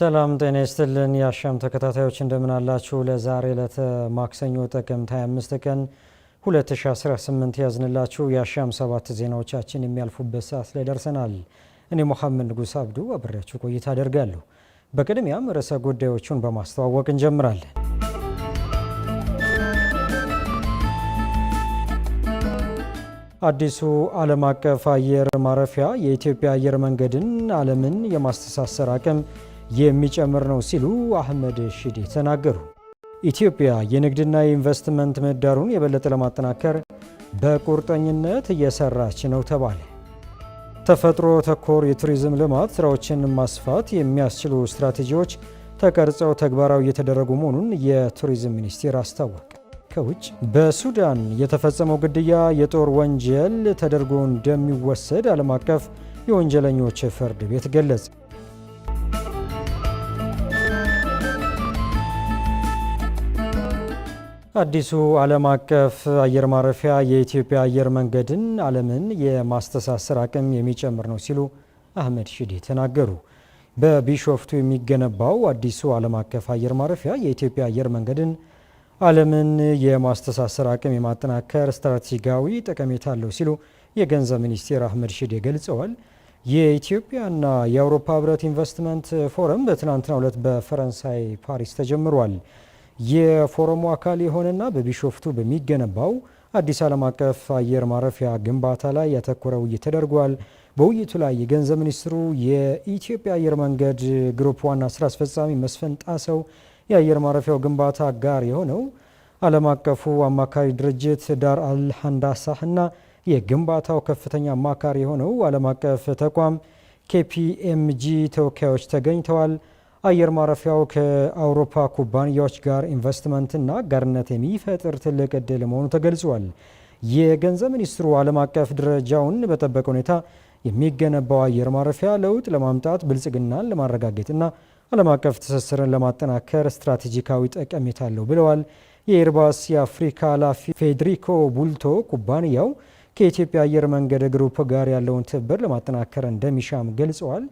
ሰላም ጤና ይስጥልን። የአሻም ተከታታዮች እንደምን አላችሁ? ለዛሬ ዕለተ ማክሰኞ ጥቅምት 25 ቀን 2018 ያዝንላችሁ የአሻም ሰባት ዜናዎቻችን የሚያልፉበት ሰዓት ላይ ደርሰናል። እኔ ሙሐመድ ንጉስ አብዱ አብሬያችሁ ቆይታ አደርጋለሁ። በቅድሚያም ርዕሰ ጉዳዮቹን በማስተዋወቅ እንጀምራለን። አዲሱ ዓለም አቀፍ አየር ማረፊያ የኢትዮጵያ አየር መንገድን ዓለምን የማስተሳሰር አቅም የሚጨምር ነው ሲሉ አህመድ ሽዲ ተናገሩ። ኢትዮጵያ የንግድና የኢንቨስትመንት ምህዳሩን የበለጠ ለማጠናከር በቁርጠኝነት እየሰራች ነው ተባለ። ተፈጥሮ ተኮር የቱሪዝም ልማት ስራዎችን ማስፋት የሚያስችሉ ስትራቴጂዎች ተቀርጸው ተግባራዊ እየተደረጉ መሆኑን የቱሪዝም ሚኒስቴር አስታወቀ። ከውጭ በሱዳን የተፈጸመው ግድያ የጦር ወንጀል ተደርጎ እንደሚወሰድ ዓለም አቀፍ የወንጀለኞች ፍርድ ቤት ገለጸ። አዲሱ ዓለም አቀፍ አየር ማረፊያ የኢትዮጵያ አየር መንገድን ዓለምን የማስተሳሰር አቅም የሚጨምር ነው ሲሉ አህመድ ሽዴ ተናገሩ። በቢሾፍቱ የሚገነባው አዲሱ ዓለም አቀፍ አየር ማረፊያ የኢትዮጵያ አየር መንገድን ዓለምን የማስተሳሰር አቅም የማጠናከር ስትራቴጂካዊ ጠቀሜታ አለው ሲሉ የገንዘብ ሚኒስቴር አህመድ ሽዴ ገልጸዋል። የኢትዮጵያና የአውሮፓ ህብረት ኢንቨስትመንት ፎረም በትናንትናው ዕለት በፈረንሳይ ፓሪስ ተጀምሯል። የፎረሙ አካል የሆነና በቢሾፍቱ በሚገነባው አዲስ ዓለም አቀፍ አየር ማረፊያ ግንባታ ላይ ያተኮረ ውይይት ተደርጓል። በውይይቱ ላይ የገንዘብ ሚኒስትሩ፣ የኢትዮጵያ አየር መንገድ ግሩፕ ዋና ስራ አስፈጻሚ መስፍን ጣሰው፣ የአየር ማረፊያው ግንባታ ጋር የሆነው ዓለም አቀፉ አማካሪ ድርጅት ዳር አልሐንዳሳህ እና የግንባታው ከፍተኛ አማካሪ የሆነው ዓለም አቀፍ ተቋም ኬፒኤምጂ ተወካዮች ተገኝተዋል። አየር ማረፊያው ከአውሮፓ ኩባንያዎች ጋር ኢንቨስትመንትና አጋርነት የሚፈጥር ትልቅ እድል መሆኑ ተገልጿል። የገንዘብ ሚኒስትሩ ዓለም አቀፍ ደረጃውን በጠበቀ ሁኔታ የሚገነባው አየር ማረፊያ ለውጥ ለማምጣት ብልጽግናን ለማረጋገጥና ዓለም አቀፍ ትስስርን ለማጠናከር ስትራቴጂካዊ ጠቀሜታ አለው ብለዋል። የኤርባስ የአፍሪካ ኃላፊ ፌዴሪኮ ቡልቶ ኩባንያው ከኢትዮጵያ አየር መንገድ ግሩፕ ጋር ያለውን ትብብር ለማጠናከር እንደሚሻም ገልጸዋል።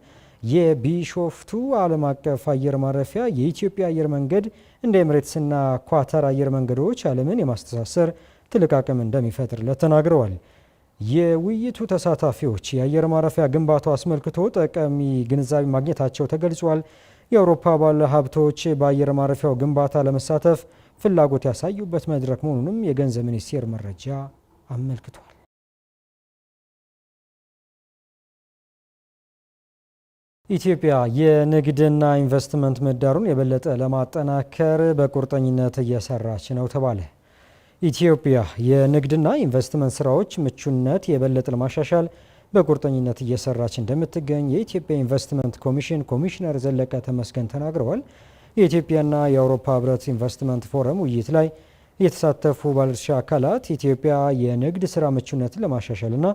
የቢሾፍቱ ዓለም አቀፍ አየር ማረፊያ የኢትዮጵያ አየር መንገድ እንደ ኤምሬትስና ኳተር አየር መንገዶች ዓለምን የማስተሳሰር ትልቅ አቅም እንደሚፈጥርለት ተናግረዋል። የውይይቱ ተሳታፊዎች የአየር ማረፊያ ግንባታው አስመልክቶ ጠቃሚ ግንዛቤ ማግኘታቸው ተገልጿል። የአውሮፓ ባለ ሀብቶች በአየር ማረፊያው ግንባታ ለመሳተፍ ፍላጎት ያሳዩበት መድረክ መሆኑንም የገንዘብ ሚኒስቴር መረጃ አመልክቷል። ኢትዮጵያ የንግድና ኢንቨስትመንት ምህዳሩን የበለጠ ለማጠናከር በቁርጠኝነት እየሰራች ነው ተባለ። ኢትዮጵያ የንግድና ኢንቨስትመንት ስራዎች ምቹነት የበለጠ ለማሻሻል በቁርጠኝነት እየሰራች እንደምትገኝ የኢትዮጵያ ኢንቨስትመንት ኮሚሽን ኮሚሽነር ዘለቀ ተመስገን ተናግረዋል። የኢትዮጵያና የአውሮፓ ህብረት ኢንቨስትመንት ፎረም ውይይት ላይ የተሳተፉ ባለድርሻ አካላት ኢትዮጵያ የንግድ ስራ ምቹነትን ለማሻሻልና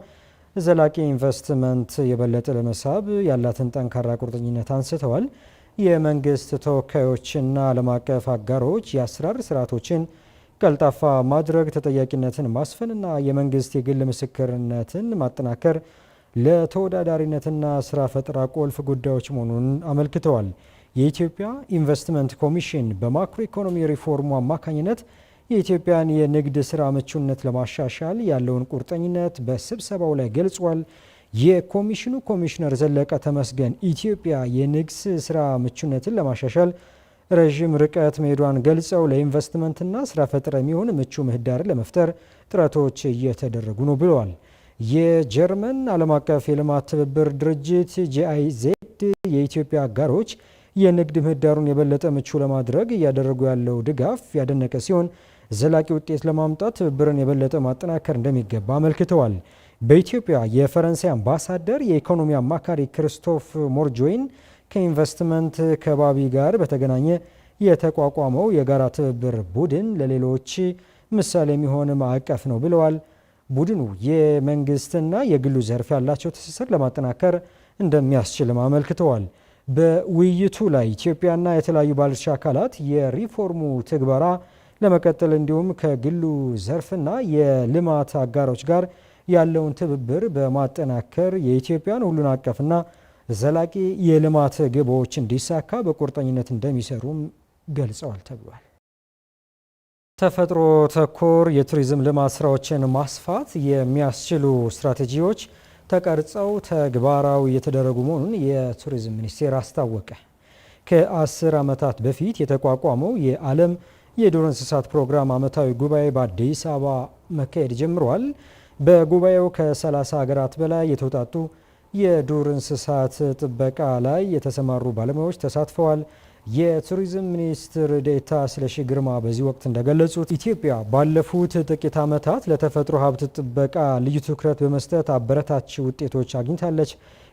ዘላቂ ኢንቨስትመንት የበለጠ ለመሳብ ያላትን ጠንካራ ቁርጠኝነት አንስተዋል። የመንግስት ተወካዮችና ዓለም አቀፍ አጋሮች የአሰራር ስርዓቶችን ቀልጣፋ ማድረግ፣ ተጠያቂነትን ማስፈንና የመንግስት የግል ምስክርነትን ማጠናከር ለተወዳዳሪነትና ስራ ፈጠራ ቁልፍ ጉዳዮች መሆኑን አመልክተዋል። የኢትዮጵያ ኢንቨስትመንት ኮሚሽን በማክሮ ኢኮኖሚ ሪፎርሙ አማካኝነት የኢትዮጵያን የንግድ ስራ ምቹነት ለማሻሻል ያለውን ቁርጠኝነት በስብሰባው ላይ ገልጿል። የኮሚሽኑ ኮሚሽነር ዘለቀ ተመስገን ኢትዮጵያ የንግድ ስራ ምቹነትን ለማሻሻል ረዥም ርቀት መሄዷን ገልጸው ለኢንቨስትመንትና ስራ ፈጠራ የሚሆን ምቹ ምህዳርን ለመፍጠር ጥረቶች እየተደረጉ ነው ብለዋል። የጀርመን ዓለም አቀፍ የልማት ትብብር ድርጅት ጂአይዜድ የኢትዮጵያ አጋሮች የንግድ ምህዳሩን የበለጠ ምቹ ለማድረግ እያደረጉ ያለው ድጋፍ ያደነቀ ሲሆን ዘላቂ ውጤት ለማምጣት ትብብርን የበለጠ ማጠናከር እንደሚገባ አመልክተዋል። በኢትዮጵያ የፈረንሳይ አምባሳደር የኢኮኖሚ አማካሪ ክርስቶፍ ሞርጆይን ከኢንቨስትመንት ከባቢ ጋር በተገናኘ የተቋቋመው የጋራ ትብብር ቡድን ለሌሎች ምሳሌ የሚሆን ማዕቀፍ ነው ብለዋል። ቡድኑ የመንግስትና የግሉ ዘርፍ ያላቸው ትስስር ለማጠናከር እንደሚያስችልም አመልክተዋል። በውይይቱ ላይ ኢትዮጵያና የተለያዩ ባለድርሻ አካላት የሪፎርሙ ትግበራ ለመቀጠል እንዲሁም ከግሉ ዘርፍና የልማት አጋሮች ጋር ያለውን ትብብር በማጠናከር የኢትዮጵያን ሁሉን አቀፍና ዘላቂ የልማት ግቦች እንዲሳካ በቁርጠኝነት እንደሚሰሩም ገልጸዋል ተብሏል። ተፈጥሮ ተኮር የቱሪዝም ልማት ስራዎችን ማስፋት የሚያስችሉ ስትራቴጂዎች ተቀርጸው ተግባራዊ የተደረጉ መሆኑን የቱሪዝም ሚኒስቴር አስታወቀ። ከአስር ዓመታት በፊት የተቋቋመው የዓለም የዱር እንስሳት ፕሮግራም ዓመታዊ ጉባኤ በአዲስ አበባ መካሄድ ጀምሯል። በጉባኤው ከ30 ሀገራት በላይ የተውጣጡ የዱር እንስሳት ጥበቃ ላይ የተሰማሩ ባለሙያዎች ተሳትፈዋል። የቱሪዝም ሚኒስትር ዴታ ስለሺ ግርማ በዚህ ወቅት እንደገለጹት ኢትዮጵያ ባለፉት ጥቂት ዓመታት ለተፈጥሮ ሀብት ጥበቃ ልዩ ትኩረት በመስጠት አበረታች ውጤቶች አግኝታለች።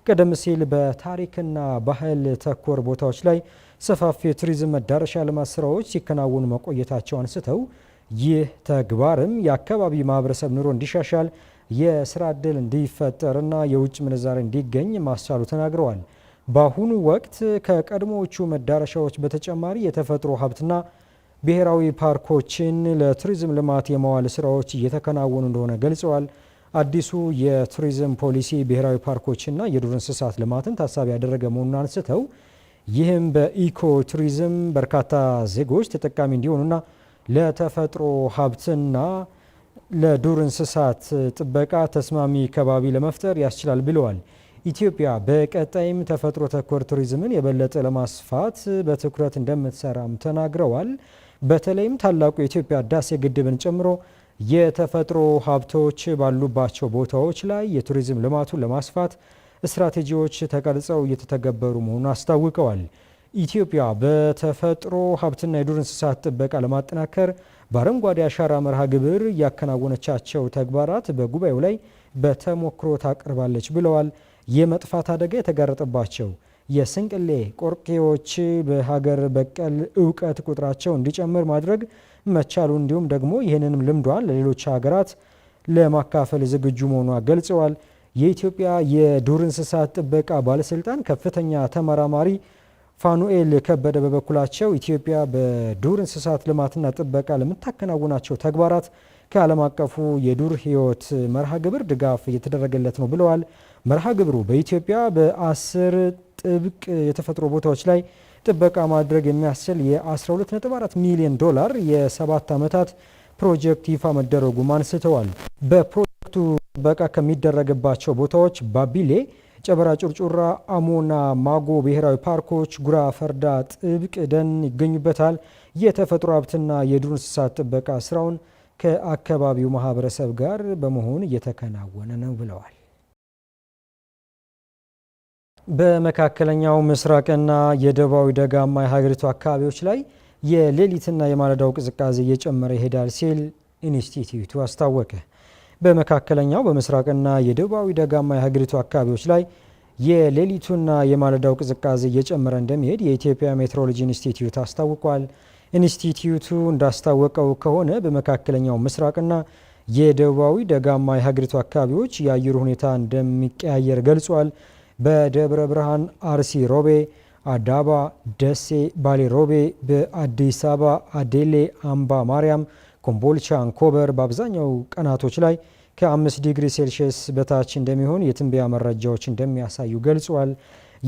ቀደም ሲል በታሪክና ባህል ተኮር ቦታዎች ላይ ሰፋፊ የቱሪዝም መዳረሻ ልማት ስራዎች ሲከናወኑ መቆየታቸው አንስተው ይህ ተግባርም የአካባቢ ማህበረሰብ ኑሮ እንዲሻሻል የስራ ዕድል እንዲፈጠርና የውጭ ምንዛሬ እንዲገኝ ማስቻሉ ተናግረዋል። በአሁኑ ወቅት ከቀድሞዎቹ መዳረሻዎች በተጨማሪ የተፈጥሮ ሀብትና ብሔራዊ ፓርኮችን ለቱሪዝም ልማት የመዋል ስራዎች እየተከናወኑ እንደሆነ ገልጸዋል። አዲሱ የቱሪዝም ፖሊሲ ብሔራዊ ፓርኮችና የዱር እንስሳት ልማትን ታሳቢ ያደረገ መሆኑን አንስተው ይህም በኢኮ ቱሪዝም በርካታ ዜጎች ተጠቃሚ እንዲሆኑና ለተፈጥሮ ሀብትና ለዱር እንስሳት ጥበቃ ተስማሚ ከባቢ ለመፍጠር ያስችላል ብለዋል። ኢትዮጵያ በቀጣይም ተፈጥሮ ተኮር ቱሪዝምን የበለጠ ለማስፋት በትኩረት እንደምትሰራም ተናግረዋል። በተለይም ታላቁ የኢትዮጵያ ህዳሴ ግድብን ጨምሮ የተፈጥሮ ሀብቶች ባሉባቸው ቦታዎች ላይ የቱሪዝም ልማቱን ለማስፋት ስትራቴጂዎች ተቀርጸው እየተተገበሩ መሆኑን አስታውቀዋል። ኢትዮጵያ በተፈጥሮ ሀብትና የዱር እንስሳት ጥበቃ ለማጠናከር በአረንጓዴ አሻራ መርሃ ግብር ያከናወነቻቸው ተግባራት በጉባኤው ላይ በተሞክሮ ታቀርባለች ብለዋል። የመጥፋት አደጋ የተጋረጠባቸው የስንቅሌ ቆርቄዎች በሀገር በቀል እውቀት ቁጥራቸው እንዲጨምር ማድረግ መቻሉ እንዲሁም ደግሞ ይህንንም ልምዷን ለሌሎች ሀገራት ለማካፈል ዝግጁ መሆኗ ገልጸዋል። የኢትዮጵያ የዱር እንስሳት ጥበቃ ባለስልጣን ከፍተኛ ተመራማሪ ፋኑኤል ከበደ በበኩላቸው ኢትዮጵያ በዱር እንስሳት ልማትና ጥበቃ ለምታከናውናቸው ተግባራት ከዓለም አቀፉ የዱር ሕይወት መርሃ ግብር ድጋፍ እየተደረገለት ነው ብለዋል። መርሃ ግብሩ በኢትዮጵያ በአስር ጥብቅ የተፈጥሮ ቦታዎች ላይ ጥበቃ ማድረግ የሚያስችል የ12.4 ሚሊዮን ዶላር የሰባት ዓመታት ፕሮጀክት ይፋ መደረጉም አንስተዋል። ወቅቱ ጥበቃ ከሚደረግባቸው ቦታዎች ባቢሌ፣ ጨበራ ጩርጩራ፣ አሞና ማጎ ብሔራዊ ፓርኮች፣ ጉራ ፈርዳ ጥብቅ ደን ይገኙበታል። የተፈጥሮ ሀብትና የዱር እንስሳት ጥበቃ ስራውን ከአካባቢው ማህበረሰብ ጋር በመሆን እየተከናወነ ነው ብለዋል። በመካከለኛው ምስራቅና የደቡባዊ ደጋማ የሀገሪቱ አካባቢዎች ላይ የሌሊትና የማለዳው ቅዝቃዜ እየጨመረ ይሄዳል ሲል ኢንስቲትዩቱ አስታወቀ። በመካከለኛው በምስራቅና የደቡባዊ ደጋማ የሀገሪቱ አካባቢዎች ላይ የሌሊቱና የማለዳው ቅዝቃዜ እየጨመረ እንደሚሄድ የኢትዮጵያ ሜትሮሎጂ ኢንስቲትዩት አስታውቋል። ኢንስቲትዩቱ እንዳስታወቀው ከሆነ በመካከለኛው ምስራቅና የደቡባዊ ደጋማ የሀገሪቱ አካባቢዎች የአየር ሁኔታ እንደሚቀያየር ገልጿል። በደብረ ብርሃን፣ አርሲ ሮቤ፣ አዳባ፣ ደሴ፣ ባሌ ሮቤ፣ በአዲስ አበባ አዴሌ፣ አምባ ማርያም ኮምቦልቻ፣ አንኮበር በአብዛኛው ቀናቶች ላይ ከ5 ዲግሪ ሴልሺየስ በታች እንደሚሆን የትንበያ መረጃዎች እንደሚያሳዩ ገልጿል።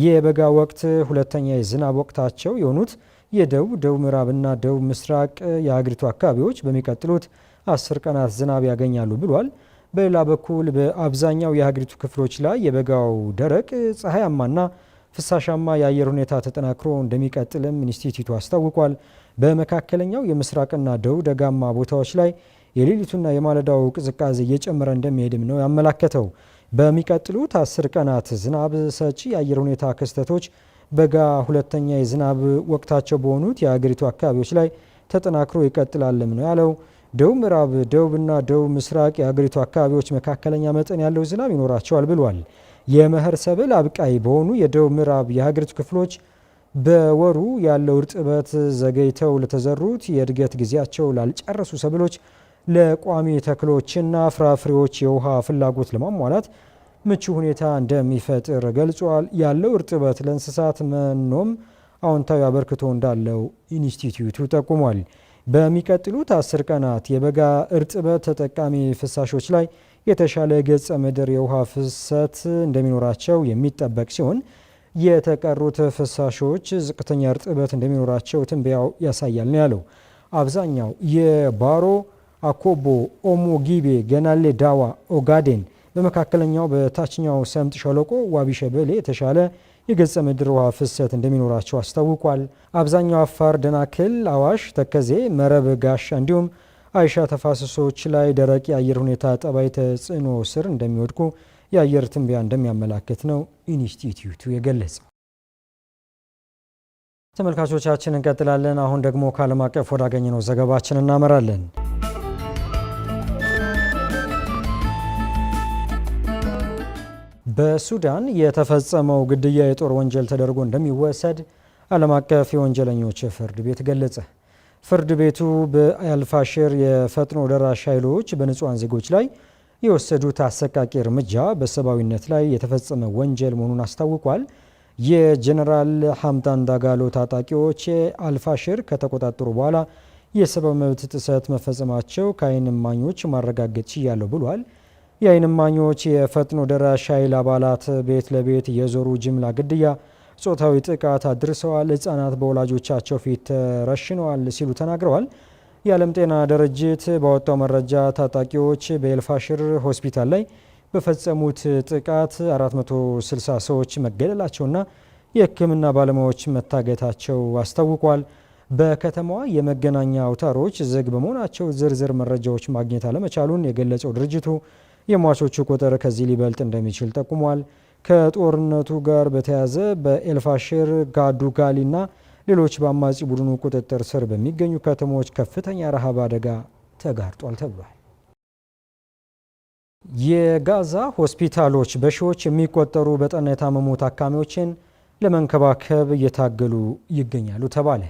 ይህ የበጋ ወቅት ሁለተኛ የዝናብ ወቅታቸው የሆኑት የደቡብ ደቡብ ምዕራብና ደቡብ ምስራቅ የሀገሪቱ አካባቢዎች በሚቀጥሉት አስር ቀናት ዝናብ ያገኛሉ ብሏል። በሌላ በኩል በአብዛኛው የሀገሪቱ ክፍሎች ላይ የበጋው ደረቅ ፀሐያማና ፍሳሻማ የአየር ሁኔታ ተጠናክሮ እንደሚቀጥልም ኢንስቲትዩቱ አስታውቋል። በመካከለኛው የምስራቅና ደቡብ ደጋማ ቦታዎች ላይ የሌሊቱና የማለዳው ቅዝቃዜ እየጨመረ እንደሚሄድም ነው ያመላከተው። በሚቀጥሉት አስር ቀናት ዝናብ ሰጪ የአየር ሁኔታ ክስተቶች በጋ ሁለተኛ የዝናብ ወቅታቸው በሆኑት የአገሪቱ አካባቢዎች ላይ ተጠናክሮ ይቀጥላልም ነው ያለው። ደቡብ ምዕራብ፣ ደቡብና ደቡብ ምስራቅ የአገሪቱ አካባቢዎች መካከለኛ መጠን ያለው ዝናብ ይኖራቸዋል ብሏል። የመኸር ሰብል አብቃይ በሆኑ የደቡብ ምዕራብ የሀገሪቱ ክፍሎች በወሩ ያለው እርጥበት ዘገይተው ለተዘሩት የእድገት ጊዜያቸው ላልጨረሱ ሰብሎች፣ ለቋሚ ተክሎችና ፍራፍሬዎች የውሃ ፍላጎት ለማሟላት ምቹ ሁኔታ እንደሚፈጥር ገልጿል። ያለው እርጥበት ለእንስሳት መኖም አዎንታዊ አበርክቶ እንዳለው ኢንስቲትዩቱ ጠቁሟል። በሚቀጥሉት አስር ቀናት የበጋ እርጥበት ተጠቃሚ ፍሳሾች ላይ የተሻለ ገጸ ምድር የውሃ ፍሰት እንደሚኖራቸው የሚጠበቅ ሲሆን የተቀሩት ፍሳሾች ዝቅተኛ እርጥበት እንደሚኖራቸው ትንበያው ያሳያል ነው ያለው። አብዛኛው የባሮ አኮቦ፣ ኦሞ ጊቤ፣ ገናሌ፣ ዳዋ፣ ኦጋዴን በመካከለኛው በታችኛው ሰምጥ ሸለቆ ዋቢ የተሻለ የገጸ ምድር ውሃ ፍሰት እንደሚኖራቸው አስታውቋል። አብዛኛው አፋር፣ ደናክል፣ አዋሽ፣ ተከዜ፣ መረብ፣ ጋሻ እንዲሁም አይሻ ተፋሰሶች ላይ ደረቅ የአየር ሁኔታ ጠባይ ተጽዕኖ ስር እንደሚወድቁ የአየር ትንበያ እንደሚያመላክት ነው ኢንስቲትዩቱ የገለጸው። ተመልካቾቻችን እንቀጥላለን። አሁን ደግሞ ከዓለም አቀፍ ወዳገኘነው ዘገባችን እናመራለን። በሱዳን የተፈጸመው ግድያ የጦር ወንጀል ተደርጎ እንደሚወሰድ ዓለም አቀፍ የወንጀለኞች ፍርድ ቤት ገለጸ። ፍርድ ቤቱ በአልፋሽር የፈጥኖ ደራሽ ኃይሎች በንጹሐን ዜጎች ላይ የወሰዱት አሰቃቂ እርምጃ በሰብአዊነት ላይ የተፈጸመ ወንጀል መሆኑን አስታውቋል። የጀኔራል ሐምዳን ዳጋሎ ታጣቂዎች አልፋሽር ከተቆጣጠሩ በኋላ የሰብአዊ መብት ጥሰት መፈጸማቸው ከአይንማኞች እማኞች ማረጋገጥ ችያለሁ ብሏል። የአይንማኞች እማኞች የፈጥኖ ደራሽ ኃይል አባላት ቤት ለቤት የዞሩ ጅምላ ግድያ፣ ጾታዊ ጥቃት አድርሰዋል፣ ህፃናት በወላጆቻቸው ፊት ተረሽነዋል ሲሉ ተናግረዋል። የዓለም ጤና ድርጅት ባወጣው መረጃ ታጣቂዎች በኤልፋሽር ሆስፒታል ላይ በፈጸሙት ጥቃት 460 ሰዎች መገደላቸውና የሕክምና ባለሙያዎች መታገታቸው አስታውቋል። በከተማዋ የመገናኛ አውታሮች ዝግ በመሆናቸው ዝርዝር መረጃዎች ማግኘት አለመቻሉን የገለጸው ድርጅቱ የሟቾቹ ቁጥር ከዚህ ሊበልጥ እንደሚችል ጠቁሟል። ከጦርነቱ ጋር በተያያዘ በኤልፋሽር ጋዱጋሊና ሌሎች በአማጺ ቡድኑ ቁጥጥር ስር በሚገኙ ከተሞች ከፍተኛ ረሃብ አደጋ ተጋርጧል ተብሏል። የጋዛ ሆስፒታሎች በሺዎች የሚቆጠሩ በጠና የታመሙ ታካሚዎችን ለመንከባከብ እየታገሉ ይገኛሉ ተባለ።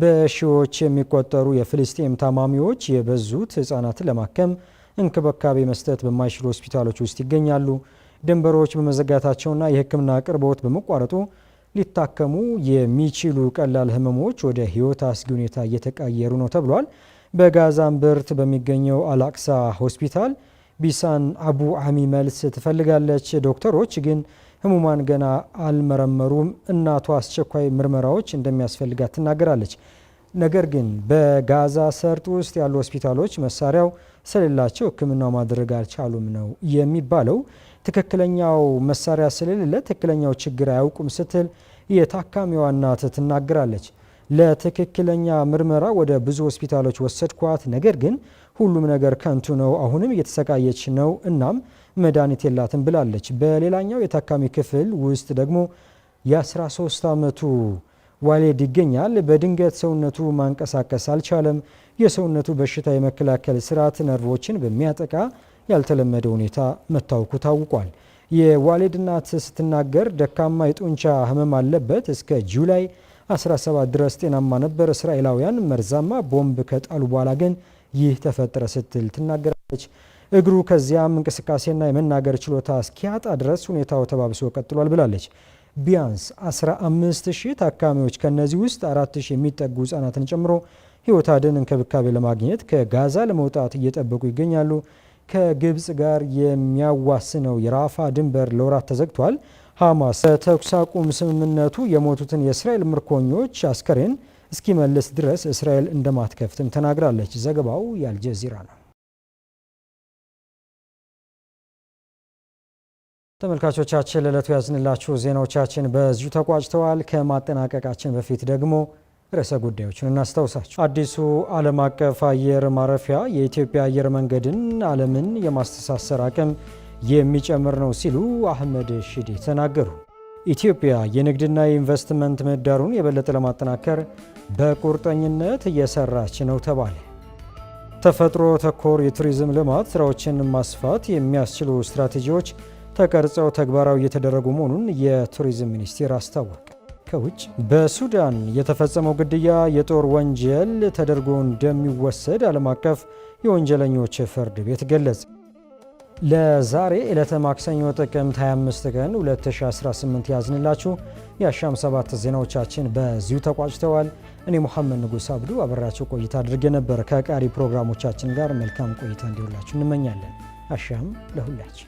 በሺዎች የሚቆጠሩ የፍልስጤም ታማሚዎች የበዙት ህጻናትን ለማከም እንክብካቤ መስጠት በማይችሉ ሆስፒታሎች ውስጥ ይገኛሉ። ድንበሮች በመዘጋታቸውና የሕክምና አቅርቦት በመቋረጡ ሊታከሙ የሚችሉ ቀላል ህመሞች ወደ ህይወት አስጊ ሁኔታ እየተቀየሩ ነው ተብሏል። በጋዛም ብርት በሚገኘው አላቅሳ ሆስፒታል ቢሳን አቡ አሚ መልስ ትፈልጋለች። ዶክተሮች ግን ህሙማን ገና አልመረመሩም፣ እናቷ አስቸኳይ ምርመራዎች እንደሚያስፈልጋት ትናገራለች። ነገር ግን በጋዛ ሰርጥ ውስጥ ያሉ ሆስፒታሎች መሳሪያው ስለሌላቸው ህክምናው ማድረግ አልቻሉም ነው የሚባለው። ትክክለኛው መሳሪያ ስለሌለ ትክክለኛው ችግር አያውቁም ስትል የታካሚዋ እናት ትናገራለች። ለትክክለኛ ምርመራ ወደ ብዙ ሆስፒታሎች ወሰድኳት፣ ነገር ግን ሁሉም ነገር ከንቱ ነው፣ አሁንም እየተሰቃየች ነው፣ እናም መድኃኒት የላትም ብላለች። በሌላኛው የታካሚ ክፍል ውስጥ ደግሞ የ13 ዓመቱ ዋሌድ ይገኛል። በድንገት ሰውነቱ ማንቀሳቀስ አልቻለም። የሰውነቱ በሽታ የመከላከል ስርዓት ነርቮችን በሚያጠቃ ያልተለመደ ሁኔታ መታወቁ ታውቋል። የዋሌድ እናት ስትናገር ደካማ የጡንቻ ህመም አለበት። እስከ ጁላይ 17 ድረስ ጤናማ ነበር። እስራኤላውያን መርዛማ ቦምብ ከጣሉ በኋላ ግን ይህ ተፈጠረ ስትል ትናገራለች። እግሩ ከዚያም እንቅስቃሴና የመናገር ችሎታ እስኪያጣ ድረስ ሁኔታው ተባብሶ ቀጥሏል ብላለች። ቢያንስ 15 ሺህ ታካሚዎች ከእነዚህ ውስጥ 4 ሺህ የሚጠጉ ህጻናትን ጨምሮ ህይወት አድን እንክብካቤ ለማግኘት ከጋዛ ለመውጣት እየጠበቁ ይገኛሉ። ከግብፅ ጋር የሚያዋስነው የራፋ ድንበር ለወራት ተዘግቷል። ሐማስ በተኩስ አቁም ስምምነቱ የሞቱትን የእስራኤል ምርኮኞች አስከሬን እስኪመልስ ድረስ እስራኤል እንደማትከፍትም ተናግራለች። ዘገባው የአልጀዚራ ነው። ተመልካቾቻችን ለዕለቱ ያዝንላችሁ ዜናዎቻችን በዚሁ ተቋጭተዋል። ከማጠናቀቃችን በፊት ደግሞ ርዕሰ ጉዳዮችን እናስታውሳቸው። አዲሱ ዓለም አቀፍ አየር ማረፊያ የኢትዮጵያ አየር መንገድን ዓለምን የማስተሳሰር አቅም የሚጨምር ነው ሲሉ አህመድ ሽዴ ተናገሩ። ኢትዮጵያ የንግድና የኢንቨስትመንት ምህዳሩን የበለጠ ለማጠናከር በቁርጠኝነት እየሰራች ነው ተባለ። ተፈጥሮ ተኮር የቱሪዝም ልማት ስራዎችን ማስፋት የሚያስችሉ ስትራቴጂዎች ተቀርጸው ተግባራዊ እየተደረጉ መሆኑን የቱሪዝም ሚኒስቴር አስታወቀ። ከውጭ በሱዳን የተፈጸመው ግድያ የጦር ወንጀል ተደርጎ እንደሚወሰድ ዓለም አቀፍ የወንጀለኞች ፍርድ ቤት ገለጸ። ለዛሬ ዕለተ ማክሰኞ ጥቅምት 25 ቀን 2018 ያዝንላችሁ የአሻም ሰባት ዜናዎቻችን በዚሁ ተቋጭተዋል። እኔ መሐመድ ንጉስ አብዱ አበራቸው ቆይታ አድርጌ ነበር። ከቀሪ ፕሮግራሞቻችን ጋር መልካም ቆይታ እንዲውላችሁ እንመኛለን። አሻም ለሁላችን!